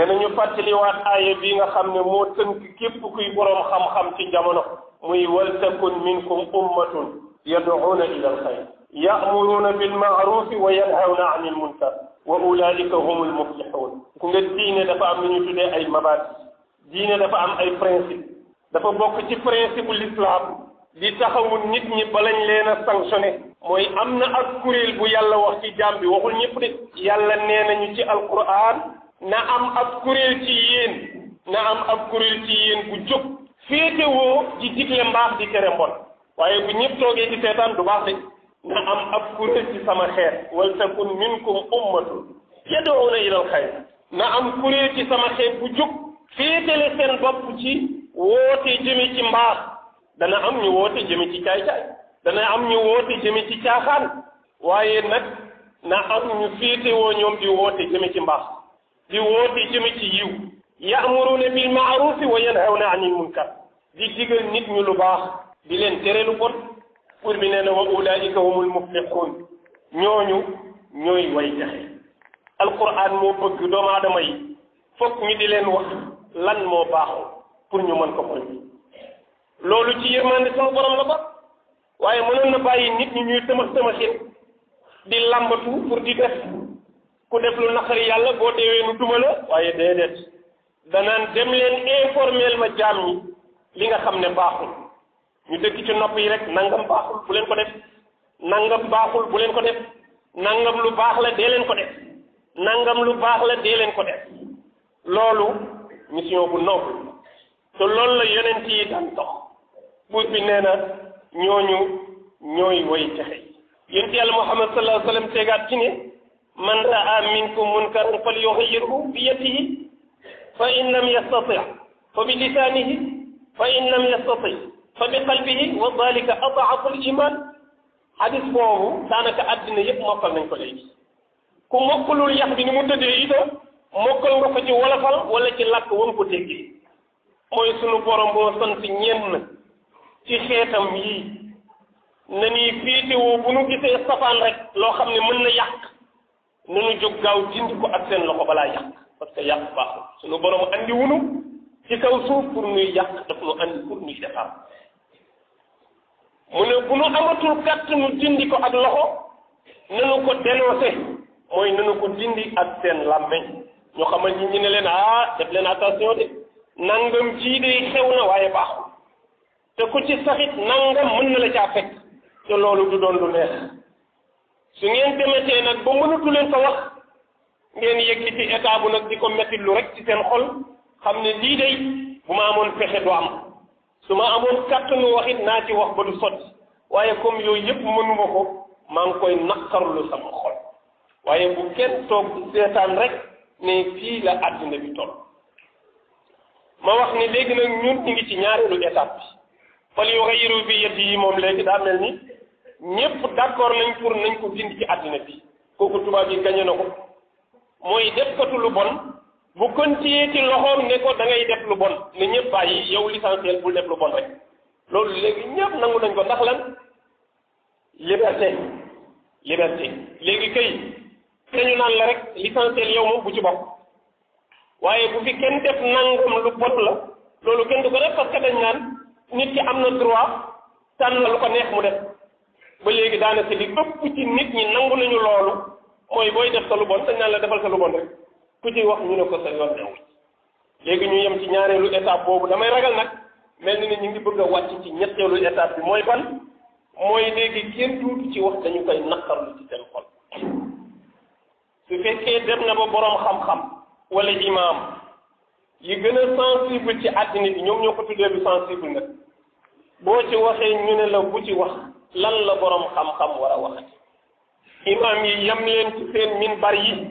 nee na ñu fàttaliwaat aaya bi nga xam ne moo tënk képp kuy borom xam-xam ci jamono muy waltakun minkum ummatun yad'uuna ila alxayr ya'muruuna bilma'rufi wa yanhawna anil munkar wa ulaika humul muflixuun ku nga diine dafa am lu ñu tuddee ay mabaat diine dafa am ay principe dafa bokk ci principe l'islam li taxawul nit ñi balañ leen a sanctionné mooy am na ak kuréel bu yàlla wax ci jaam bi waxul ñëpp de yàlla nee nañu ci alquran na am ab kuréel ci yéen na am ab kuréel ci yéen bu jóg féetewoo di mbaax di tere mbon waaye bu ñëpp toogee di seetaan du baax de na am ab kuréel ci sama xeet wal takun minkum ummatun yad'una ilal xayr na am kuréel ci sama xeet bu jóg féetale seen bopp ci woote jëme ci mbaax dana am ñu woote jëme ci caay-caay dana am ñu woote jëme ci caaxaan waaye nag na am ñu féetewoo ñoom di woote jëme ci mbaax di woote jëme ci yiw ya'muruna bil ma'rufi wa yanhawna anil munkar di digal nit ñu lu baax di leen tere lu bon pour bi nee na wa ulaika humul muflixuun ñooñu ñooy way jaxe alquran moo bëgg doomu aadama yi fokk ñu di leen wax lan moo baaxul pour ñu mën ko xool loolu ci yërmande sama borom la ba waaye mënoon na bàyyi nit ñuy tëmax tëmaxin di làmbatu pour di def ku def lu naqari yàlla boo deewee nu duma la waaye déedéet danaan dem leen informel ma jaam ñi li nga xam ne baaxul ñu dëkk ci nopp yi rek nangam baaxul bu leen ko def nangam baaxul bu leen ko def nangam lu baax la dee leen ko def nangam lu baax la dee leen ko def loolu mission bu noble te loolu la yeneen yi daan dox buur bi nee na ñooñu ñooy woy texe yonent yàlla Muhammad sallallahu alayhi tegaat ci ne من رأى منكم منكرا فليغيره بيده فإن لم يستطع فبلسانه فإن لم يستطع فبقلبه وذلك أضعف الإيمان حديث بوهو كانت أدنى يب مقل من كل إيش كم مقل ليحب نمت جيدا مقل رفج ولفل ولكن لك ونك تجي موي سنو بورم بو سنت نين تي خيتم يي نني فيتي و بنو جيسي استفان رك لو خمني من يحق na nu jóg gaaw dindi ko ak seen loxo balaa yàq parce que yàq baaxul suñu borom indiwu wunu ci kaw suuf pour ñuy yàq daf nu andi pour ñuy defar mu ne bu nu amatul kàttanu dindi ko ak loxo nanu ko dénoncé mooy nanu ko dindi ak seen làmmeñ ñoo xamal ñi ñu ne leen ah def leen attention de nangam jii de xew na waaye baaxul te ku ci saxit nangam mën na la caa fekk te loolu du doon lu neex su ngeen demetee nag ba mënatu leen ko wax ngeen yëkkati état bu nag di ko metti lu rek ci seen xol xam ne lii day bu ma amoon pexe du am su ma amoon kàttanu wax it naa ci wax ba du sotti waaye comme yooyu yëpp mënuma ko maa ngi koy naqarlu sama xol waaye bu kenn toog seetaan rek ne fii la àddina bi toll ma wax ne léegi nag ñun ñu ngi ci ñaareelu étape bi fal yughayyiru bi yadihi moom léegi daa mel ni ñëpp d'accord nañ pour nañ ko dindi ci àddina bi kooku tubaab yi gañe na ko mooy def katu lu bon bu continuer ci loxoom ne ko da ngay def lu bon ne ñëpp bàyyi yow l'essentiel bul def lu bon rek loolu léegi ñëpp nangu nañ ko ndax lan liberté liberté léegi kay dañu naan la rek l'essentiel yow moom bu ci bokk waaye bu fi kenn def nangam lu bon la loolu kenn du ko def parce dañ naan nit ki am na droit tànn na lu ko neex mu def ba léegi daanaka li ëpp ci nit ñi nangu nañu loolu mooy booy def sa lu bon dañ naan la defal sa lu bon rek ku ci wax ñu ne ko sa yoon newu ci léegi ñu yem ci ñaareelu étape boobu damay ragal nag mel ni ne ñu ngi bëgg a wàcc ci ñetteelu étape bi mooy ban mooy léegi kenn duutu ci wax dañu koy naqarlu ci seen xol su fekkee dem na ba boroom xam-xam wala imaam yi gën a sensible ci àddina bi ñoom ñoo ko tuddee bi sensible nag boo ci waxee ñu ne la bu ci wax lan la borom xam-xam war a waxati imaam yi yem leen ci seen minbar yi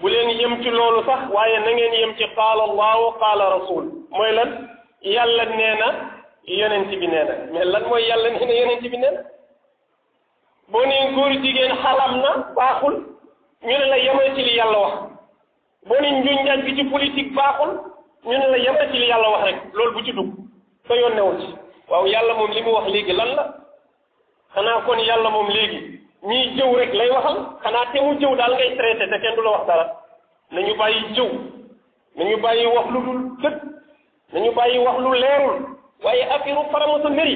bu leen yem ci loolu sax waaye na ngeen yem ci qaala allahu qaala rasul mooy lan yàlla nee na yonent bi nee na mais lan mooy yàlla nee na yonent bi nee boo nee góor jigéen xalam na baaxul ñu ne la yemal ci li yàlla wax boo nee njuñ bi ci politique baaxul ñu ne la yemal ci li yàlla wax rek loolu bu ci dugg sa yoon newul ci waaw yàlla moom li mu wax léegi lan la xanaa kon yàlla moom léegi ñiy jëw rek lay waxal xanaa te mu jëw daal ngay traité te kenn du la wax dara nañu bàyyi jëw nañu bàyyi wax lu dul dëgg nañu bàyyi wax lu leerul waaye affaire faramaso mbiri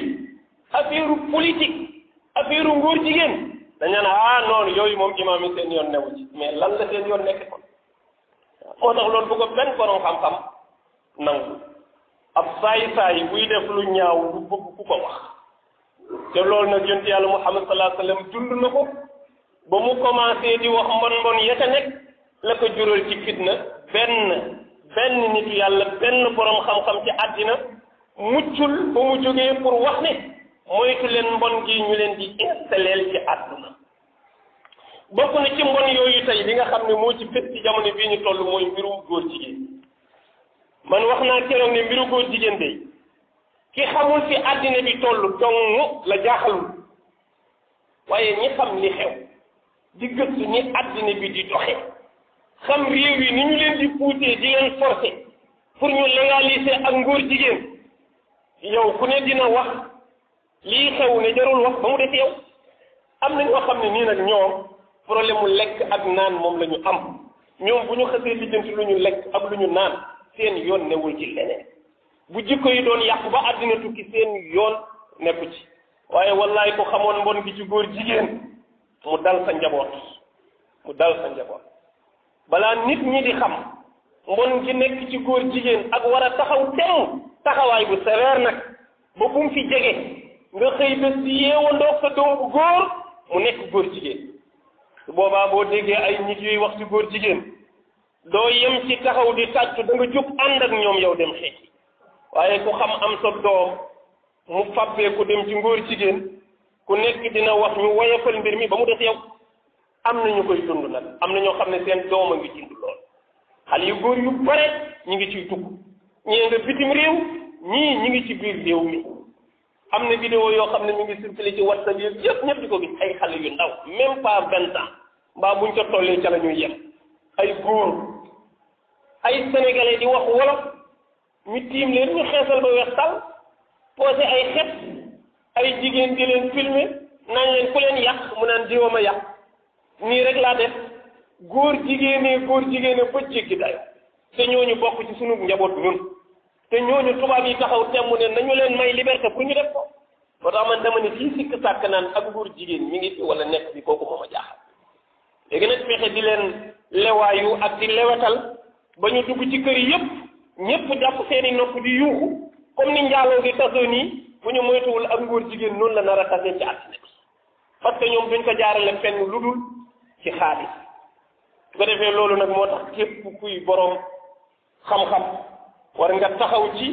affaire politique affaire ngóor jigéen dañu na ah noonu yooyu moom imaam yi seen yoon newu ci mais lan la seen yoon nekk kon moo tax loolu bu ko benn borom xam-xam nangu ab saay saay buy def lu ñaaw du bëgg ku ko wax te lool nag yonent yàlla Muhammad sallallahu alayhi wasallam dund na ko ba mu commencé di wax mbon-mbon ya ca nekk la ko jural ci fitna benn benn nitu yàlla benn borom xam-xam ci àddina muccul ba mu jógee pour wax ne moytu leen mbon gi ñu leen di installeel ci àdduna bokk na ci mbon yooyu tey li nga xam ne moo ci fës ci jamono bii ñu toll mooy mbirum góor jigéen man wax naa keroog ne mbiru góor jigéen de ki xamul ci àddina bi tollu dong la jaaxalul waaye ñi xam li xew di gëstu ñi àddina bi di doxe xam réew yi ni ñu leen di puutee di leen forcer pour ñu légaliser ak ngóor jigéen yow ku ne dina wax lii xew ne jarul wax ba mu def yow am na ñoo xam ne nii nag ñoom problème mu lekk ak naan moom lañu am ñoom bu ñu xasee lijjanti lu ñu lekk ak lu ñu naan seen yoon newul ci leneen bu jikko yi doon yàqu ba àddina tukki seen yoon nekku ci waaye wallaay ko xamoon mbon gi ci góor jigéen mu dal sa njaboot mu dal sa njaboot balaa nit ñi di xam mbon gi nekk ci góor jigéen ak war a taxaw temm taxawaay bu sévère nag ba bu fi jege nga xëy bés di yeewandoo sa doom bu góor mu nekk góor jigéen su boobaa boo déggee ay nit yuy wax ci góor jigéen doo yem ci taxaw di tàccu da jóg ànd ak ñoom yow dem xeeti waaye ku xam am sa doom mu fàbbee ko dem ci ngóor jigéen ku nekk dina wax ñu woyofal mbir mi ba mu des yow am na ñu koy dund nag am na ñoo xam ne seen doom a ngi dund lool xale yu góor yu bare ñi ngi ciy dugg ñee nga bitim réew ñii ñi ngi ci biir réew mi am na vidéo yoo xam ne ñu ngi circulé ci whatsapp yëpp yëpp ñëpp di ko gis ay xale yu ndaw même pas vingt ans mbaa buñ ca tollee ca la ñuy yem ay góor ay sénégalais di wax wolof ñu tiim leen ñu xeesal ba weex tal posé ay xet ay jigéen di leen filmer naan leen ku leen yàq mu naan diwa a yàq nii rek laa def góor jigéenee góor jigéenee ba jéggi dayo te ñooñu bokk ci sunu njaboot ñun te ñooñu tubaab yi taxaw temm ne nañu leen may liberté pour ñu def ko moo tax man dama ne kii sikk sàkk naan ak góor jigéen ñi ngi fi wala nekk bi kooku moom a jaaxal léegi nag fexe di leen lewaayu ak di lewetal ba ñu dugg ci kër yi yépp ñëpp jàpp seeni nopp di yuuxu comme ni njaaloo gi tasoo nii bu ñu moytuwul ak ngóor jigéen noonu la nar a tasee ci àddina bi parce que ñoom duñ ko jaarale fenn lu dul ci xaalis su ko defee loolu nag moo tax képp kuy borom xam-xam war nga taxaw ci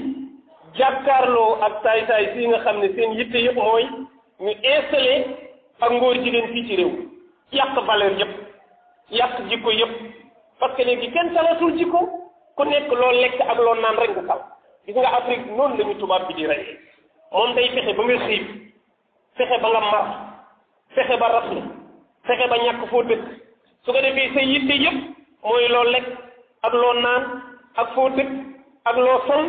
jàkkaarloo ak saay-saay si nga xam ne seen yitte yëpp mooy ñu installé ak ngóor jigéen fii ci réew yàq valeur yëpp yàq jikko yëpp parce léegi kenn talatul jikko ku nekk loo lekk ak loo naan rek nga taw gis nga Afrique noonu la ñu tubaab bi di rey moom day fexe ba nga xiif fexe ba nga mar fexe ba rafle fexe ba ñàkk foo dëkk su ko defee sa yitte yëpp mooy loo lekk ak loo naan ak foo dëkk ak loo sol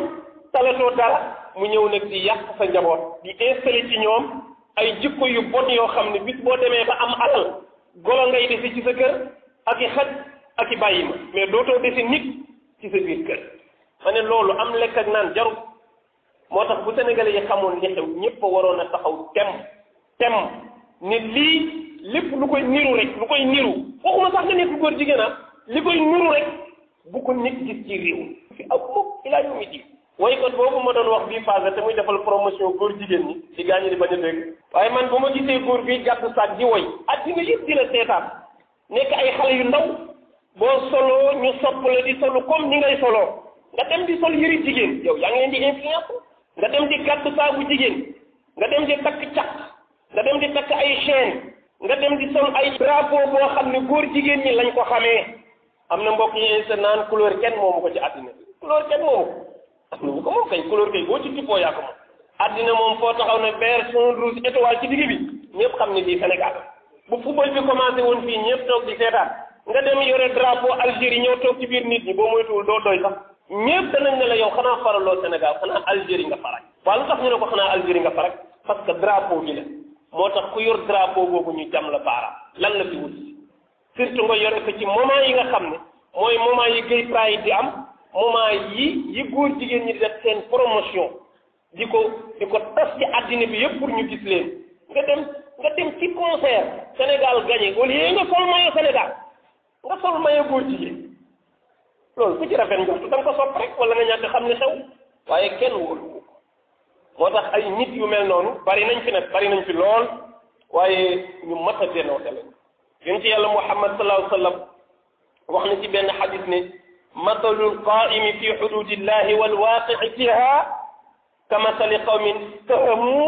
talatoo dara mu ñëw nag di yàq sa njaboot di installé ci ñoom ay jikko yu bon yoo xam ne bis boo demee ba am alal golo ngay desi ci sa kër ak i xaj ak i bàyyi ma mais dootoo desi nit ci sa biir kër ma ne loolu am lekk ak naan jarut moo tax bu sénégalais yi xamoon li xew ñëpp a waroon a taxaw tem tem ne lii lépp lu koy niru rek lu koy niru waxuma sax nga nekk góor jigéen ah li koy niru rek bu ko nit gis ci réew fi aw mukk ilaa ñu midi ko boobu ma doon wax bii phase te muy defal promotion góor jigéen ñi di gaañu di bañ a dégg waaye man bu ma gisee góor bii gàtt saak di woy addina yëpp di seetaan nekk ay xale boo soloo ñu sopp la di solu comme ni ngay soloo nga dem di sol yëri jigéen yow yaa ngi leen di influence nga dem di gàddu saabu jigéen nga dem di takk caq nga dem di takk ay chaîne nga dem di sol ay drapeau boo xam ne góor jigéen ñi lañ ko xamee am na mbokk yi insta naan couleur kenn moomu ko ci àddina couleur kenn moomu ko am ko moom kay couleur kay boo ci tippoo yaa ko moom àddina moom foo taxaw ne vert jaune rouge étoile ci digg bi ñëpp xam ne fii Sénégal bu football woon fii ñëpp toog di seetaan nga dem yore drapeau Algérie ñëw toog ci biir nit ñi boo moytuwul doo doy sax ñëpp danañ ne la yow xanaa faraloo Sénégal xanaa Algérie nga farak waaye lu tax ñu ne ko xanaa Algérie nga farak parce que drapeau bi moo tax ku yor drapeau boobu ñu jam la baaraam lan la fi wut surtout nga yore ko ci moment yi nga xam ne mooy moment yi gay pride di am moment yi yi góor jigéen ñi di def seen promotion di ko di ko tas ci àddina bi yëpp pour ñu gis leen nga dem Sénégal nga sol maye góor jigéen loolu ku ci rafet njort da nga ko sopp rek wala nga ñàkk xam li xew waaye kenn wóolu moo tax ay nit yu mel noonu bari nañ fi nag bari nañ fi lool waaye ñu mat a dénoo tamit yun ci yàlla muhammad sallallahu alayhi wa sallam wax na ci benn xadis ne mathalu lqaimi fi xududillahi walwaqici fiha ka mathali qawmin tahamu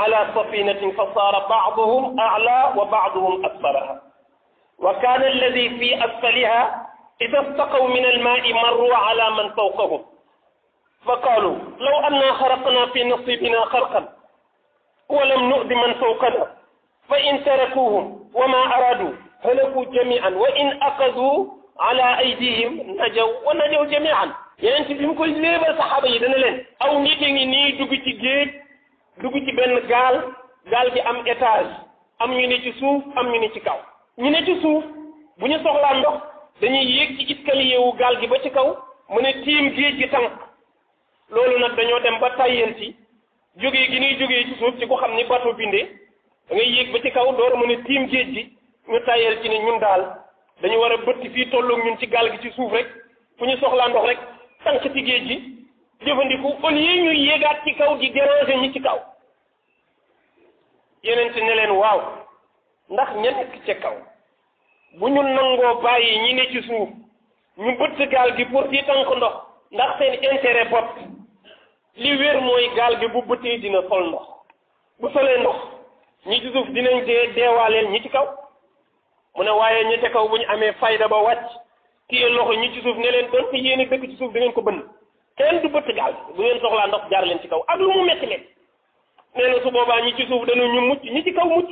ala safinatin fa saara baaduhum ala wa baaduhum asfaraha وكان الذي في أسفلها إذا استقوا من الماء مروا على من فوقهم فقالوا لو أنا خرقنا في نصيبنا خرقا ولم نؤذ من فوقنا فإن تركوهم وما أرادوا هلكوا جميعا وإن أخذوا على أيديهم نجوا ونجوا جميعا يعني أنت بيمكن ليبا صحابة يدنا أو نيتي يعني ني دوغتي جيج دوغتي بن غال غال بي أم إتاج أم يني ci suuf am ñu ni ci kaw ñu ne ci suuf bu ñu soxlaa ndox dañuy yéeg ci escalier gaal gi ba ci kaw mu ne tiim géej gi tànk loolu nag dañoo dem ba tàyyeen ci jógee gi ñuy jógee ci suuf ci ku xam ni bateau bindee da ngay yéeg ba ci kaw door mu ne tiim géej gi ñu tàyyeel ci ni ñun daal dañu war a bëtt fii tolloog ñun ci gaal gi ci suuf rek fu ñu soxlaa ndox rek tànk ci géej gi jëfandiku au lieu ñuy yéegaat ci kaw di déranger ñi ci kaw yeneen ci ne waaw ndax ña ci kaw bu ñu nangoo bàyyi ñi ne ci suuf ñu bëtt gaal gi pour di tànk ndox ndax seen intérêt bopp li wér mooy gaal gi bu bëttee dina sol ndox bu solee ndox ñi ci suuf dinañ dee deewaaleel ñi ci kaw mu ne waaye ñi ca kaw bu ñu amee fayda ba wàcc téye loxo ñi ci suuf ne leen doon fi yéene dëkk ci suuf dangeen ko bënn kenn du bëtt gaal gi bu ngeen soxlaa ndox jaar leen ci kaw ak lu mu metti leen nee na su boobaa ñi ci suuf dana ñu mucc ñi ci kaw mucc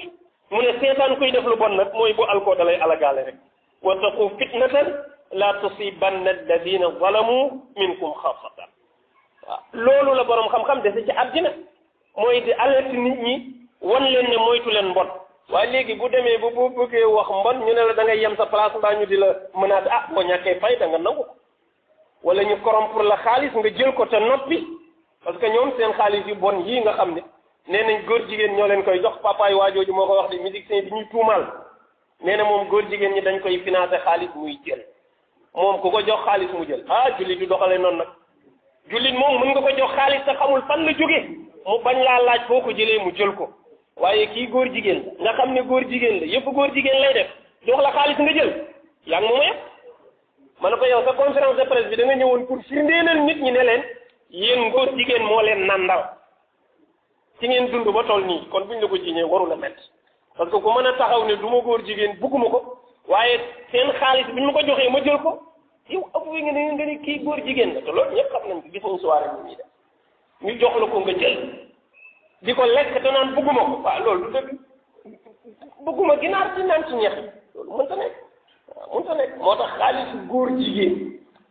mu ne seetaan kuy def lu bon nag mooy bu alkoo dalay alagaale rek wattaqu fitnatan la tusibanna alladina zalamu minkum xaasatan waaw loolu la borom xam-xam dese ci àddina mooy di alerte nit ñi wan leen ne moytu leen mbon waaye léegi bu demee bu bu bëggee wax mbon ñu ne la da yem sa place mbaa ñu di la mënaat ah boo ñàkkee fay da nga nangu ko wala ñu corrompre la xaalis nga jël ko te noppi parce que ñoom seen xaalis yu bon yii nga xam ne nee nañ góor jigéen ñoo leen koy jox papaay waajooju moo ko wax de musicien bi ñuy tuumaal nee na moom góor jigéen ñi dañ koy financé xaalis muy jël moom ku ko jox xaalis mu jël ah jullit du doxale noonu nag jullit moom mën nga ko jox xaalis te xamul fan la jóge mu bañ laa laaj foo ko jëlee mu jël ko waaye kii góor jigéen la nga xam ne góor jigéen la yëpp góor jigéen lay def jox la xaalis nga jël yaa ngi mooma yëpp ma ne ko yow sa conférence de presse bi da ñëwoon pour firndeelal nit ñi ne leen yéen góor jigéen moo leen nandal ci ngeen dund ba toll nii kon buñ la ko jiiñee waru la mett parce que mën a taxaw ne du ma góor jigéen bugguma ko waaye seen xaalis buñ ma ko joxee ma jël ko yow avoué nga ne nga ne kii góor jigéen la te loolu ñëpp xam nañ ko gis nañ soirée bi ñuy def ñu jox la ko nga jël di ko lekk te naan bugguma ko waaw loolu du dëgg bugguma ginaar ci naan ci ñex loolu mënta moo tax xaalisu góor jigéen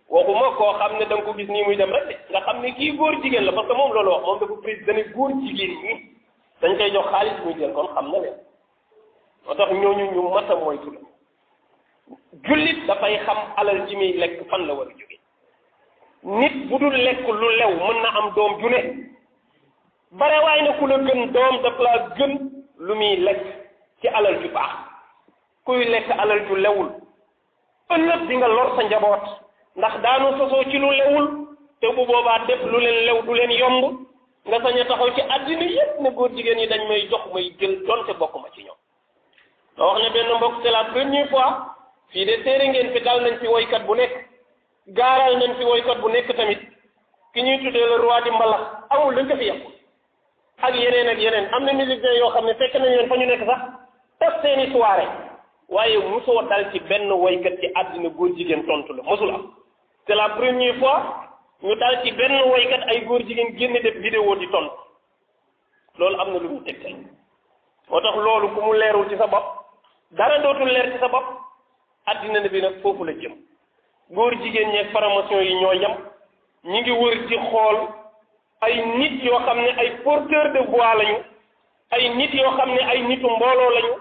waxuma koo xam ne da ko gis nii muy dem rek nga xam ne kii góor jigéen la parce moom loolu wax moom dafa président ne góor jigéen ñi dañ koy jox xaalis muy jël kon xam na leen moo tax ñooñu ñu mat a moytu la jullit dafay xam alal ji muy lekk fan la war a jóge nit bu dul lekk lu lew mën na am doom ju ne bare waay na ku la gën doom daf laa gën lu muy lekk ci alal ju baax kuy lekk alal ju lewul ëllëg di nga lor sa njaboot ndax daanu sosoo ci lu lewul te bu boobaa def lu leen lew du leen yomb nga sañ a taxaw ci àddina yépp ne góor jigéen ñi dañ may jox may jël donte bokk ma ci ñoom nga wax ne benn mbokk c'est la première fois fii de téere ngeen fi dal nañ fi woykat bu nekk gaaral nañ fi woykat bu nekk tamit ki ñuy tuddee le roi di mbalax amul dañ ko fi yàqu ak yeneen ak yeneen am na musiciens yoo xam ne fekk nañ leen fa ñu nekk sax tas seeni soirée waaye mosoo dal ci benn woykat ci àddina góor jigéen tontu la mosul c'est la première fois ñu dal ci benn woykat ay góor jigéen génne def vidéo di tontu loolu am na lu mu tegtal moo tax loolu ku mu leerul ci sa bopp dara dootul leer ci sa bopp addina na bi nag foofu la jëm góor jigéen ñeeg formation yi ñoo yem ñi ngi wër ci xool ay nit yoo xam ne ay porteur de voix lañu ay nit yoo xam ne ay nitu mbooloo lañu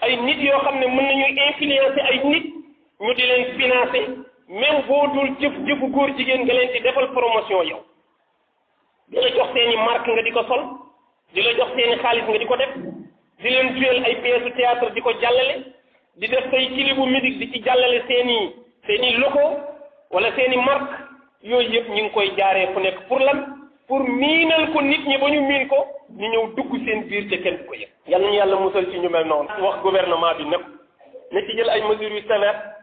ay nit yoo xam ne mën nañu influencer ay nit ñu di leen financer même boo dul jëf jëfu góor jigéen nga leen di defal promotion yow di jox seeni marque nga di ko sol di jox seeni xaalis nga di ko def di leen juyal ay pièces théâtre di ko jàllale di def say kilibu musique di ci jàllale seeni seeni logo wala seeni marque yooyu yëpp ñu ngi koy jaaree fu nekk pour lan pour miinal ko nit ñi ba ñu miin ko ñu ñëw dugg seen biir te kenn du ko yëg. yal nañu yàlla musal ci ñu mel noonu. wax gouvernement bi nekk na ci jël ay mesures yu sévères.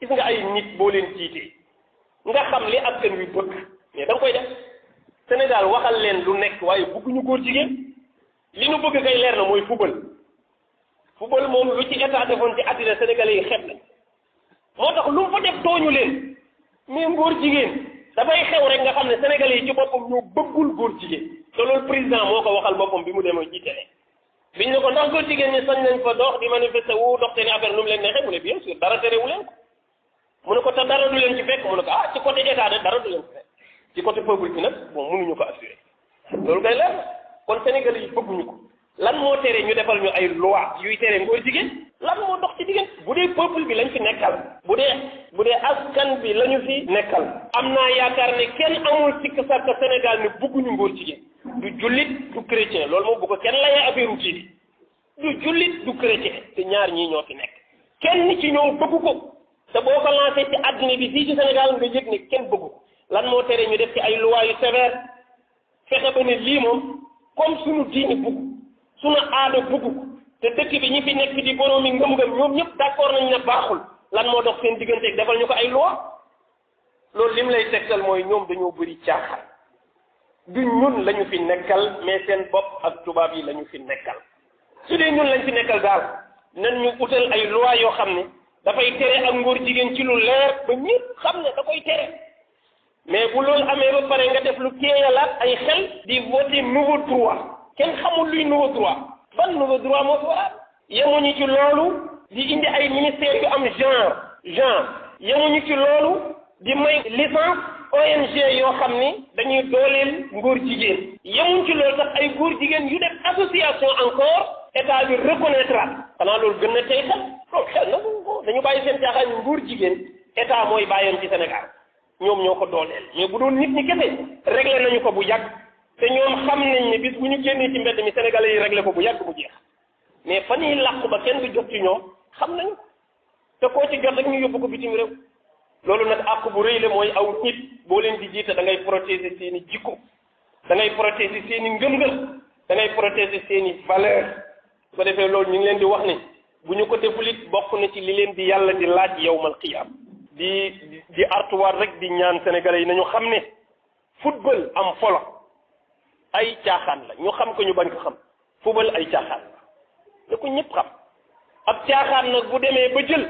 gis nga ay nit boo leen jiitee nga xam li ab wi bëgg mais da nga koy def waxal leen lu nekk waaye bëgguñu góor jigéen li nu bëgg kay leer na mooy fubal fubal moom lu ci état defoon ci àddina sénégalais yi xeeb na moo tax lu mu fa def dooñu leen mais góor jigéen dafay xew rek nga xam ne sénégalais yi ci boppam ñoo bëggul góor jigéen te loolu président moo ko waxal boppam bi mu demee jiite ne biñ ne ko ndax góor jigéen ñi sañ nañ fa dox di manifester wu dox seen ne bien mu ne ko te dara du leen ci fekk mu ne ko ah ci côté état de dara du leen ci fekk ci côté peuple bi nag bon mënuñu ko assurer loolu kay leer kon Sénégal yi bëgguñu ko lan moo tere ñu defal ñu ay loi yuy tere ngóor jigéen lan moo dox ci jigéen bu dee peuple bi lañu fi nekkal bu dee bu dee askan bi lañu fi nekkal am naa yaakaar ne kenn amul sikk sàkk Sénégal ne bëgguñu ngóor jigéen du jullit du chrétien loolu moom bu kenn layee affaire kii bi du du chrétien ñaar ñii ñoo fi nekk kenn ci ñoom bëggu ko te boo ko lancé ci adduna bi fii ci Sénégal nga yëg ne kenn bëggu lan moo tere ñu def ci ay loi yu sévère fexe ba ne lii moom comme suñu diini bugg suñu aada bugg te dëkk bi ñu fi nekk di boroomi ngëm-ngëm ñoom ñëpp d'accord nañ ne baaxul lan moo dox seen digganteeg defal ñu ko ay loi loolu lim lay tegtal mooy ñoom dañoo bëri caaxaan du ñun lañu fi nekkal mais seen bopp ak tubaab yi lañu fi nekkal su dee ñun lañ fi nekkal daal nan ñu utal ay loi yoo xam ne dafay téré ak ngor jigen ci lu leer ba ñepp xam ne da koy mais bu y amé ba paré nga def lu ay xel di voter nouveau droit xamul luy nouveau droit ban nouveau droit mo ci loolu di indi ay ministère yu am genre genre a ci loolu di may licence ONG yo xamni dañuy dooleel ngor jigen yamuñ ci loolu sax ay yu def association encore état bi reconnaître at xanaa loolu gën na tey sax loolu xel na dañu bàyyi seen caaxaan nguur jigéen état mooy bàyyoon ci Sénégal ñoom ñoo ko dooleel mais bu doon nit ñi kese réglé nañu ko bu yàgg te ñoom xam nañ ne bis bu ñu génnee ci mbedd mi sénégalais yi réglé ko bu yàgg bu jeex mais fan yii làqu ba kenn bi jot ci ñoom xam nañu te koo ci jot rek ñu yóbbu ko bitim réew loolu nag àq bu rëy la mooy aw nit boo leen di jiite da ngay protéger seeni jikko da ngay protéger seeni ngëm da ngay protéger seeni su defee loolu ñu ngi leen di wax ni bu ñu ko deful it bokk na ci li leen di yàlla di laaj yowmal qiyaam di di artuwaat rek di ñaan sénégalais yi nañu xam ne football am folo ay caaxaan la ñu xam ko ñu bañ ko xam football ay caaxaan la da ko ñëpp xam ab caaxaan nag bu demee ba jël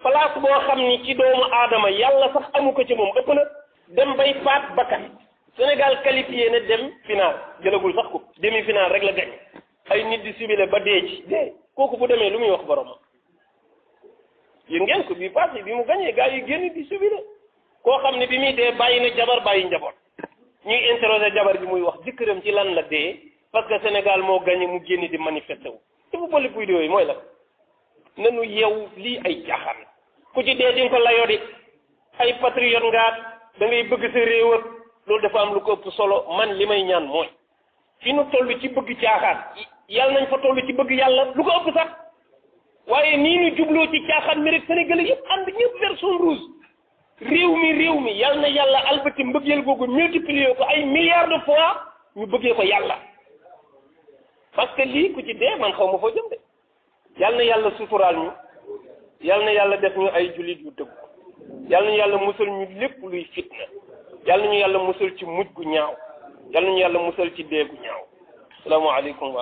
place boo xam ni ci doomu aadama yàlla sax amu ko ci moom ëpp na dem bay faat bakkan Sénégal qualifié na dem final jëlagul sax ko demi final rek la gañ ay nit di sibile ba dee ci dee kooku bu demee lu muy wax borom yéen ngeen ko bii passé bi mu gañee gars yi génn di sibile koo xam ne bi muy dee bàyyi na jabar bàyyi njaboot ñuy interroger jabar bi muy wax jëkkëram ci lan la dee parce que Sénégal moo gañe mu génn di manifester wu te bu bëri buy yooyu mooy la nanu yeewu lii ay jaaxaan ku ci dee di nga ko layoo di ay patriote ngaat da bëgg sa réew loolu dafa am lu ko ëpp solo man li may ñaan mooy fi nu toll ci bëgg caaxaan yàlla nañ fa toll ci bëgg yàlla lu ko ëpp sax waaye nii ñu jubloo ci caaxaan mi rek sénégalais yëpp ànd ñëpp vers son rouge réew mi réew mi yàlla na yàlla albati mbëggeel googu multiplier ko ay milliards fois ñu bëggee ko yàlla parce que lii ku ci dee man xaw ma foo jëm de yàlla na yàlla suturaal ñu yàlla na yàlla def ñu ay jullit yu dëgg yàlla na yàlla musal ñu lépp luy fitna yàlla na ñu yàlla musal ci mujj gu ñaaw yàlla na ñu yàlla musal ci dee gu ñaaw salaamaaleykum